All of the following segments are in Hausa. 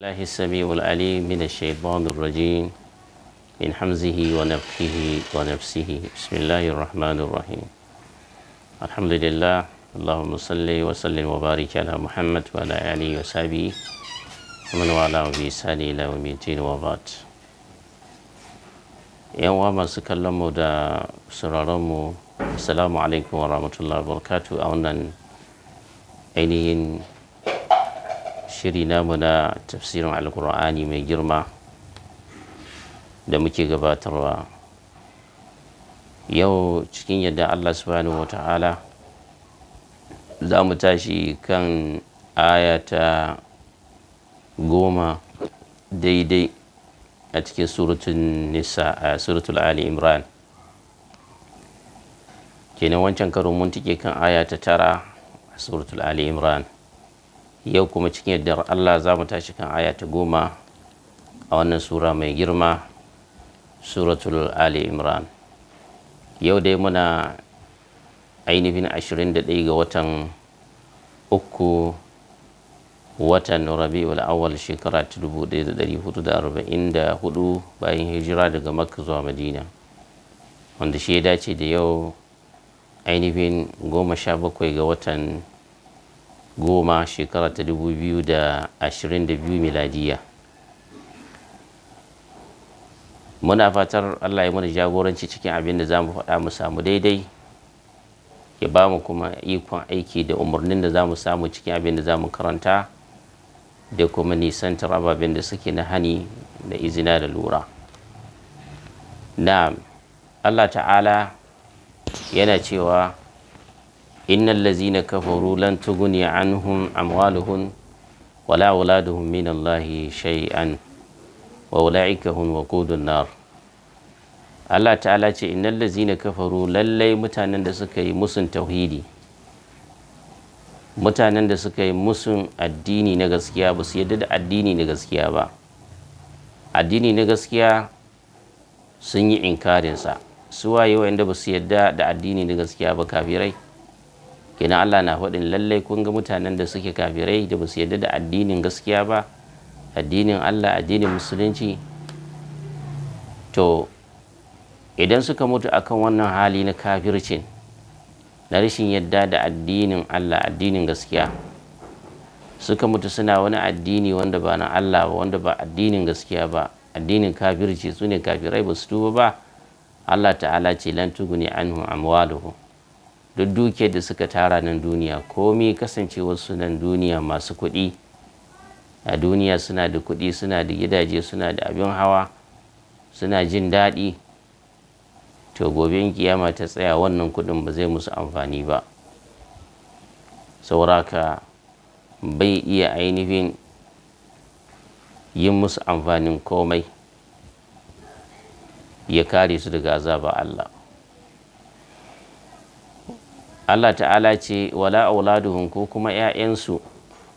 الله السميع العليم من الشيطان الرجيم من حمزه ونفخه ونفسه بسم الله الرحمن الرحيم الحمد لله اللهم صل وسلم وبارك على محمد وعلى اله وصحبه ومن والاه في سالي إلى يوم الدين وبعد يا وما masu دا mu السلام عليكم ورحمه الله وبركاته wa اينين shiri namu na tafsirin alkur'ani mai girma da muke gabatarwa yau cikin yadda allah subhanahu wa ta'ala za mu tashi kan ayata goma daidai a cikin suratun nisa a suratul ali imran kenan wancan karo mun tike kan aya ta tara a suratul ali imran yau kuma cikin yadda Allah za mu tashi kan aya ta goma a wannan sura mai girma suratul ali imran yau dai muna ainihin 21 ga watan uku watan rabi'ul awal shekara ta 1444 bayan hijira daga makka zuwa madina wanda shi ya dace da yau ainihin bakwai ga watan goma shekara ta 2022 miladiya muna fatar allah ya mana jagoranci cikin abin da za mu faɗa mu samu daidai ya ba mu kuma ikon aiki da umarnin da za mu samu cikin abin da za mu karanta da kuma nisantar ababen da suke na hani da izina da lura na allah ta'ala yana cewa إن الذين كفروا لن تغني عنهم أموالهم ولا أولادهم من الله شيئا وأولئك هم وقود النار Allah ta'ala ce innal ladzina kafaru lallai mutanen da suka yi musun tauhidi mutanen da suka yi musun addini na gaskiya ba su yadda da addini na gaskiya ba addini na gaskiya sun yi inkarinsa su waye wa'anda ba su yadda da addini na gaskiya ba kafirai kenan Allah na faɗin lallai kun ga mutanen da suke kafirai da basu su yarda da addinin gaskiya ba addinin Allah addinin musulunci to idan suka mutu akan wannan hali na kafircin na rashin yadda da addinin Allah addinin gaskiya suka mutu suna wani addini wanda ba na Allah ba wanda ba addinin gaskiya ba addinin kafirci su ne kafirai ba su tuba ba Allah ta'ala ce lan tuguni anhu amwaluhu duk duke da suka tara nan duniya komi kasancewarsu nan duniya masu kuɗi a duniya suna da kuɗi suna da gidaje suna da abin hawa suna jin daɗi to gobe kiyama ta tsaya wannan kuɗin ba zai musu amfani ba sauraka bai iya ainihin yin musu amfanin komai ya kare su daga azaba Allah Allah ta'ala ce wala auladuhum ko kuma 'ya'yansu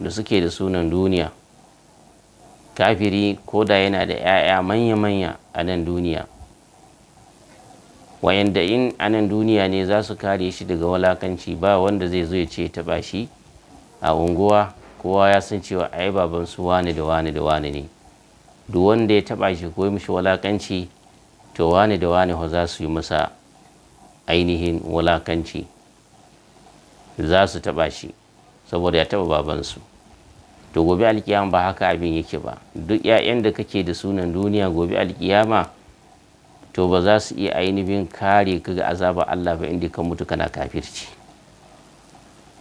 da suke da sunan duniya kafiri ko da yana da 'ya'ya manya-manya a nan duniya wayanda in a nan duniya ne za su kare shi daga walakanci ba wanda zai zo ya ce taɓa shi a unguwa kowa ya san cewa ai baban su wani da wani da wani ne duk wanda ya taɓa shi ko mishi walakanci to wani da wani za su yi masa ainihin walakanci za su taɓa shi saboda ya taɓa babansu to gobe alkiyama ba haka abin yake ba duk 'ya'yan da kake da sunan duniya gobe alkiyama to ba za su iya ainihin kare ka ga azaba Allah ba inda ka mutu kana kafirci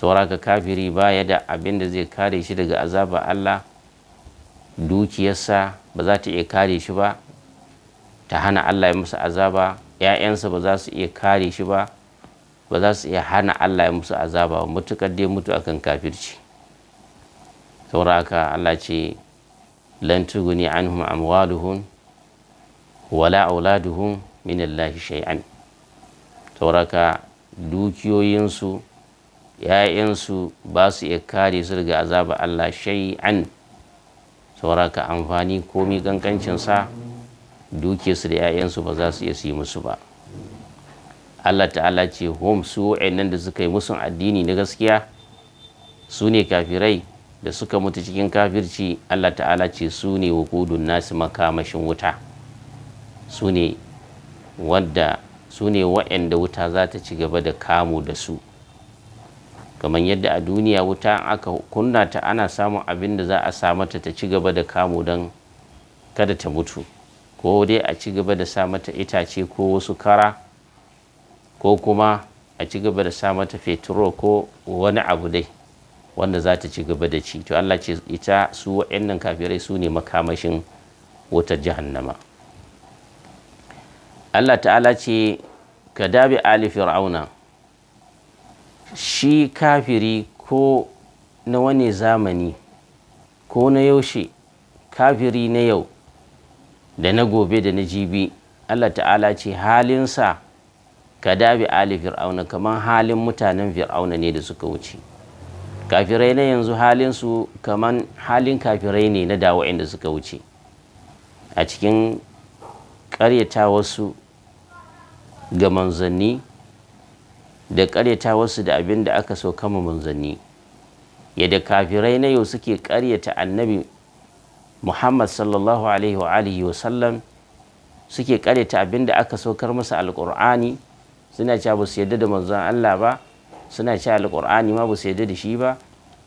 ka kafiri baya da abin da zai kare shi daga azaba Allah dukiyarsa ba za ta iya kare shi ba ta hana Allah ya masa azaba 'ya'yansa ba za su iya kare shi ba ba za su iya hana Allah ya musu azaba ba mutukar dai mutu akan kafirci sauraka Allah ce lan an anhum amwaluhum wala auladuhum min Allah shay'an saboda dukiyoyinsu ‘ya'yansu ba su iya kare su daga azaba Allah shai'an sauraka amfani komi kankancinsa dukiyarsu su da ‘ya'yansu ba za su iya su yi musu ba Allah ta'ala ce hom su wa'annan da suka yi musun addini na gaskiya su ne kafirai da suka mutu cikin kafirci Allah ta'ala ce su ne wakudun nasu makamashin wuta su ne wadda su ne wa'anda wuta za ta ci gaba da kamo da su kamar yadda a duniya wuta aka kunna ta ana samun abin da za a samata ta ci gaba da kamo don kada ta mutu ko dai a ci gaba da sa mata itace ko wasu kara ko kuma a ci gaba da sa mata fetro ko wani abu dai wanda za ta ci gaba da ci to Allah ce ita su wa'annan kafirai su ne makamashin wutar jahannama Allah ta'ala ce ka dabi ali fir'auna shi kafiri ko na wani zamani ko na yaushe kafiri na yau da na gobe da na jibi Allah ta'ala ce halinsa ka dabi ali fir'auna kaman halin mutanen fir'auna ne da suka wuce kafirai na yanzu halin su kamar halin kafirai ne na dawo da suka wuce a cikin ƙaryata wasu ga manzanni da ƙaryata wasu da abin da aka so kama manzanni yadda kafirai na yau suke ƙaryata annabi muhammad sallallahu alaihi wa sallam suke ƙaryata abin da aka saukar masa alƙur'ani suna cewa ba su yarda da manzon Allah ba suna cewa alqur'ani ma ba su yarda da shi ba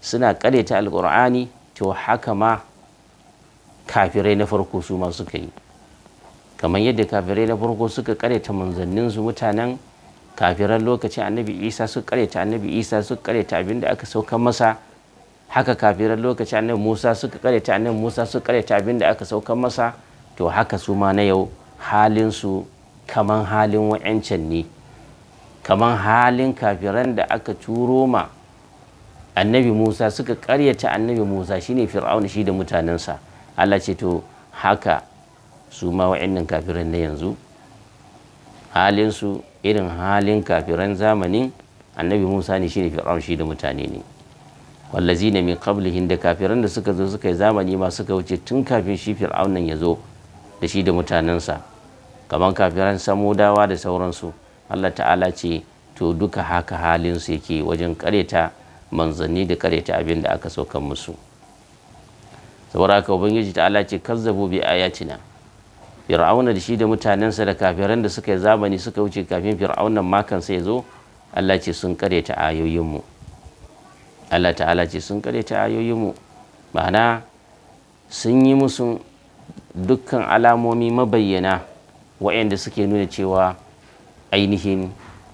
suna karyata alqur'ani to haka ma kafirai na farko su ma suka yi kamar yadda kafirai na farko suka manzannin su mutanen kafiran lokacin annabi isa suka karyata annabi isa suka karyata abinda aka sauka masa haka kafiran lokacin annabi musa suka karyata annabi musa suka karyata abinda aka sauka masa to haka su ma na yau halin su kaman halin wa'ancan ne kaman halin kafiran da aka turo ma annabi musa suka karyata annabi musa shine fir'auna shi da mutanensa allah ce to haka su ma wa'annan kafiran na yanzu halinsu irin halin kafiran zamanin annabi musa ne shine fir'auna shi da mutane ne wallazi ne min qablihin da kafiran da suka zo suka yi zamani ma suka wuce tun kafin shi fir'aunan ya zo da shi da mutanensa kamar kafiran samudawa da sauransu Allah ta'ala ce to duka haka halinsu su yake wajen kareta manzanni da kareta abin da aka saukan musu saboda haka ubangiji ta'ala ce kazzabu bi ayatina fir'auna da shi da mutanensa da kafiran da suka yi zamani suka wuce kafin fir'aunan makan sai zo Allah ce sun kareta ayoyinmu Allah ta'ala ce sun kareta ayoyinmu ma'ana sun yi musu dukkan alamomi mabayyana wayanda suke nuna cewa ainihin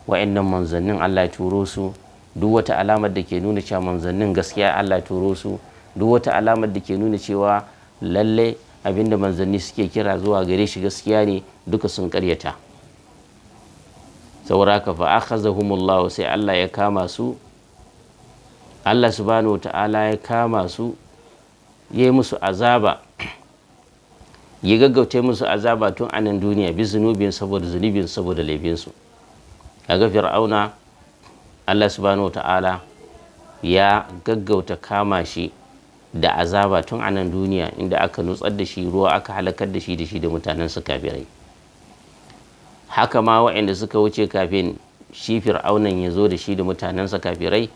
wa'annan manzannin Allah ya turo su duk wata alamar da ke nuna cewa manzannin gaskiya Allah ya turo su duk wata alamar da ke nuna cewa lalle abinda manzanni suke kira zuwa gare shi gaskiya ne duka sun karyata sauraka fa akhazahumullah sai Allah ya kama su Allah subhanahu wa ta'ala ya kama su yayi musu azaba ya gaggauta musu azaba tun a nan duniya bi zunubin saboda zunubin saboda laifinsu kaga fir'auna Allah subhanahu ta'ala ya gaggauta kama shi da azaba tun a nan duniya inda aka nutsar da shi ruwa aka halakar da shi da shi da su kafirai haka ma waɗanda suka wuce kafin shi fir'aunan ya zo da shi da mutanen sa kafirai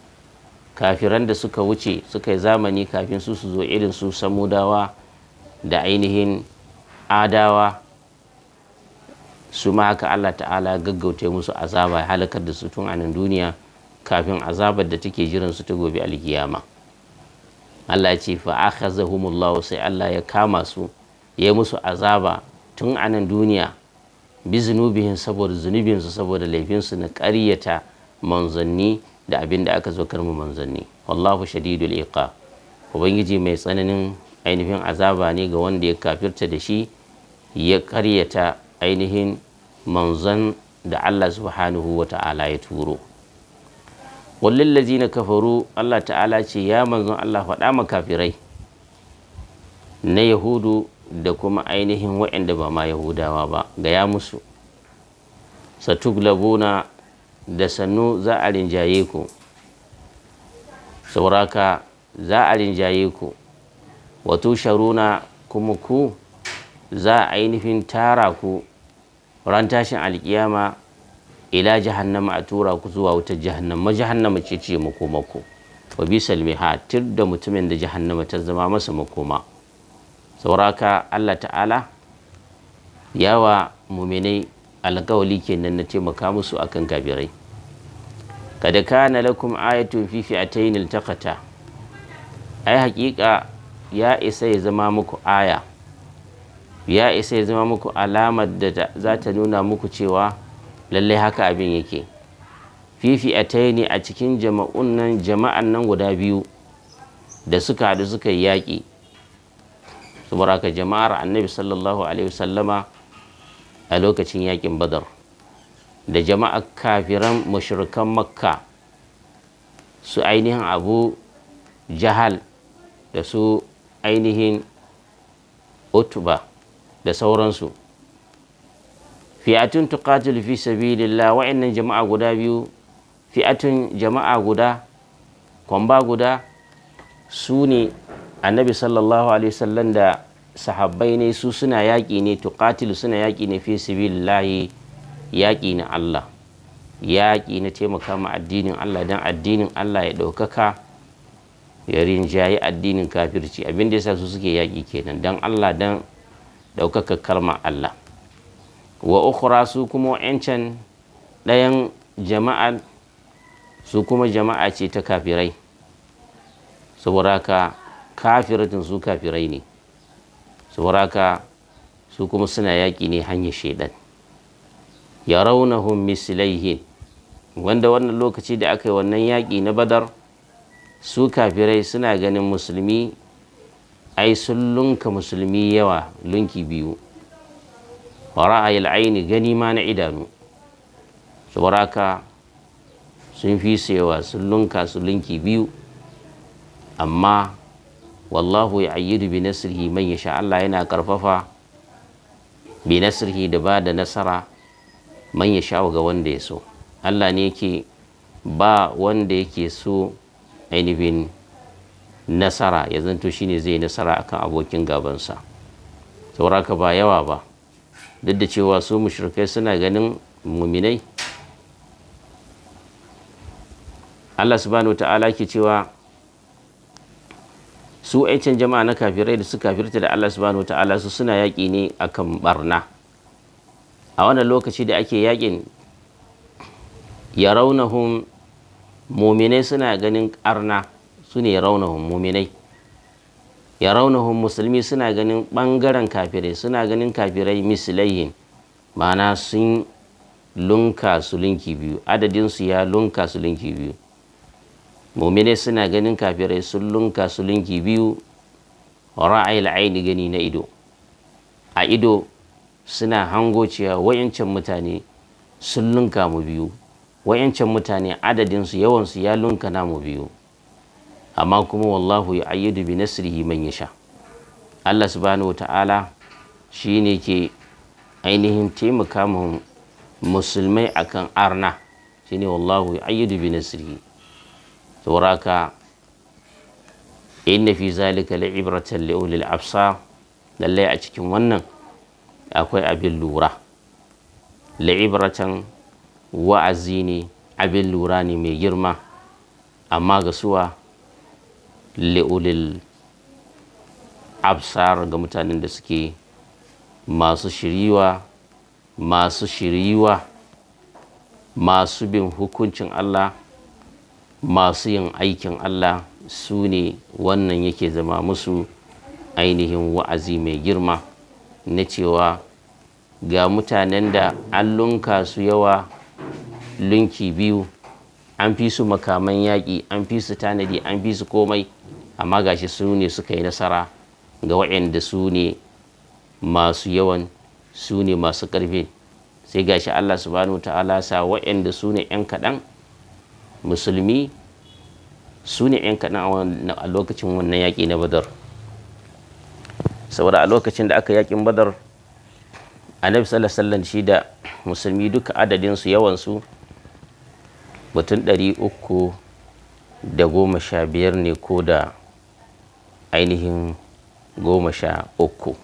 kafiran da suka wuce suka yi zamani kafin su su zo irin su samudawa da ainihin adawa su ma haka Allah ta'ala gaggauta musu azaba ya halakar da su tun anan duniya kafin azabar da take jiran su ta gobe alkiyama Allah ce fa akhazahumullah sai Allah ya kama su ya musu azaba tun anan duniya bi zunubihin saboda zunubinsu saboda laifinsu na ƙaryata manzanni da abin da aka zo karmu manzanni wallahu shadidul iqa ubangiji mai tsananin ainihin azaba ne ga wanda ya kafirta da shi ya karyata ainihin manzon da Allah subhanahu wa ta'ala ya turo wallallazi na kafaru Allah ta'ala ce ya manzan Allah faɗa makafirai na yahudu da kuma ainihin waɗanda ba ma yahudawa ba gaya musu satuglabuna da sannu za a rinjaye ku sauraka za a rinjaye ku wato sharuna kuma ku za a nufin tara ku ran tashin alkiyama ila jahannama a tura ku zuwa wutar jahannama jahannama ce ce makomako wa bisal mihatir da mutumin da jahannama ta zama masa makoma sauraka Allah ta'ala yawa muminai alkawali kenan na taimaka musu akan kabirai kada kana lakum ayatun a fi'atayn iltaqata ai haƙiƙa ya isa ya zama muku aya ya isa ya zama muku alamar da za ta nuna muku cewa lallai haka abin yake fifi a ne a cikin jama'un nan jama'an nan guda biyu da suka haɗu suka yi yaƙi saboda ka jama'ar annabi sallallahu alaihi wasallama a lokacin yaƙin badar da jama'ar kafiran mashirkan makka su ainihin abu jahal da su ainihin utuba da sauransu fi'atun tuqatil fi sabilillah wa'annan jama'a guda biyu fi'atun jama'a guda kwamba guda su ne annabi sallallahu alaihi wasallam da sahabbai ne su suna yaƙi ne tuqatil suna yaƙi ne fi sabilillah yaƙi na Allah yaƙi na taimaka ma addinin Allah Dan addinin Allah ya ɗaukaka ya rinjaye addinin kafirci abin da yasa su suke yaƙi kenan Dan Allah dan. ɗaukaka kalmar Allah wa ukura su kuma wa'ancan ɗayan jama'a su kuma jama'a ce ta kafirai saboda ka kafiratin su kafirai ne saboda ka su kuma suna yaƙi ne hanyar shaidan ya raunahun misilaihin wanda wannan lokaci da aka yi wannan yaƙi na badar su kafirai suna ganin musulmi ai sun lunka musulmi yawa lunki biyu wa ra'ayil aini gani ma na idanu saboda haka sun fi su sun lunka su lunki biyu amma wallahu ya ayyidu bi nasirhi man ya sha. Allah yana karfafa bi nasirhi da ba da nasara man ya sha ga wanda ya so Allah ne yake ba wanda yake so ainihin nasara ya zanto shine zai nasara akan abokin gabansa sauraka ba yawa ba duk da cewa su mushrikai suna ganin muminai Allah subhanahu ta'ala ke cewa su aicin jama'a na kafirai da su kafirta da Allah subhanahu ta'ala su suna yaƙi ne akan barna a wannan lokaci da ake yaƙin ya raunahun muminai suna ganin ƙarna su ne raunahun muminai ya raunahun musulmi suna ganin ɓangaren kafirai suna ganin kafirai misilaihin mana sun lunka su linki biyu adadinsu ya lunka su linki biyu muminai suna ganin kafirai sun lunka su linki biyu ra'ayi aini gani na ido a ido suna hango cewa wayancan mutane sun lunka mu biyu wayancan mutane adadinsu yawansu ya lunka namu biyu amma kuma wallahu ya ayyadu bi nasrihi man yasha Allah subhanahu wata'ala shine ke ainihin taimaka mu musulmai akan arna shine wallahu ya ayyadu bi nasrihi sauraka inna fi zalika la'ibratan li ulil absar lallai a cikin wannan akwai abin lura la'ibratan wa'azi ne abin lura ne mai girma amma ga suwa li'ulil absar ga mutanen da suke masu shiriwa masu shiriwa masu bin hukuncin Allah masu yin aikin Allah su ne wannan yake zama musu ainihin wa'azi mai girma na cewa ga mutanen da an lunka su yawa lunki biyu an fi su makaman yaƙi an fi su tanadi an fi su komai amma gashi su ne suka yi nasara ga waɗanda su ne masu yawan su ne masu ƙarfi sai gashi Allah subhanahu ta'ala sa waɗanda su ne 'yan kaɗan musulmi su ne 'yan kaɗan a lokacin wannan yaƙi na badar saboda a lokacin da aka yaƙin badar annabi sallallahu alaihi shi da musulmi duka adadinsu yawansu mutum ɗari uku da goma sha biyar ne ko da ainihin goma sha uku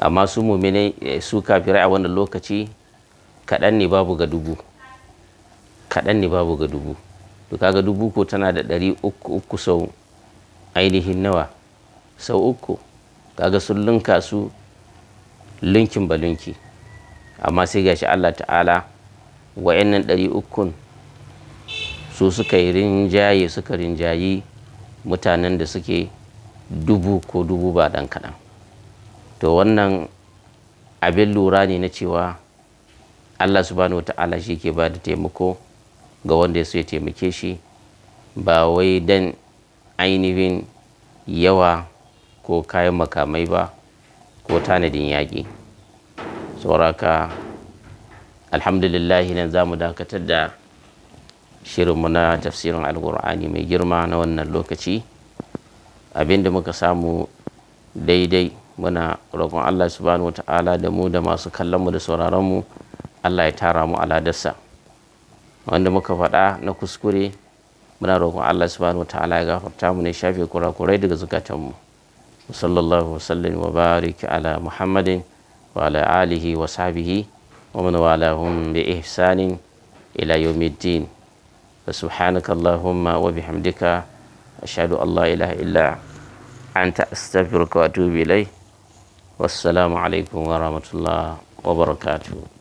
amma su mummine eh, su kafirai a wannan lokaci kaɗan ne babu ga dubu kaɗan ne babu ga dubu to kaga dubu ko tana da ɗari uku uku sau ainihin nawa sau uku kaga sun linka su linkin balinki amma sai gashi Allah ta'ala wa'annan ɗari ukun su suka yi rinjaye suka rinjayi mutanen da suke dubu ko dubu ba ɗan kaɗan to wannan abin lura ne na cewa allah subhanahu wata'ala shi ke ba da taimako ga wanda ya so ya taimake shi ba wai dan ainihin yawa ko kayan makamai ba ko tanadin yaƙi sauraka alhamdulillahi nan zamu dakatar da shirinmu na tafsirin alkur'ani mai girma na wannan lokaci abinda muka samu daidai muna roƙon allah subhanahu wata'ala da mu da masu kallonmu da sauraronmu allah ya tara mu aladarsa wanda muka faɗa na kuskure muna roƙon allah subhanahu wata'ala ya gafarta mu ne shafe kurakurai daga zukatanmu musallallahu wasallin wa bariki ala muhammadin wa ala alihi wa sahbihi wa man walahum bi ihsanin ila yawmiddin فسبحانك اللهم وبحمدك أشهد أن لا إله إلا أنت أستغفرك وأتوب إليه والسلام عليكم ورحمة الله وبركاته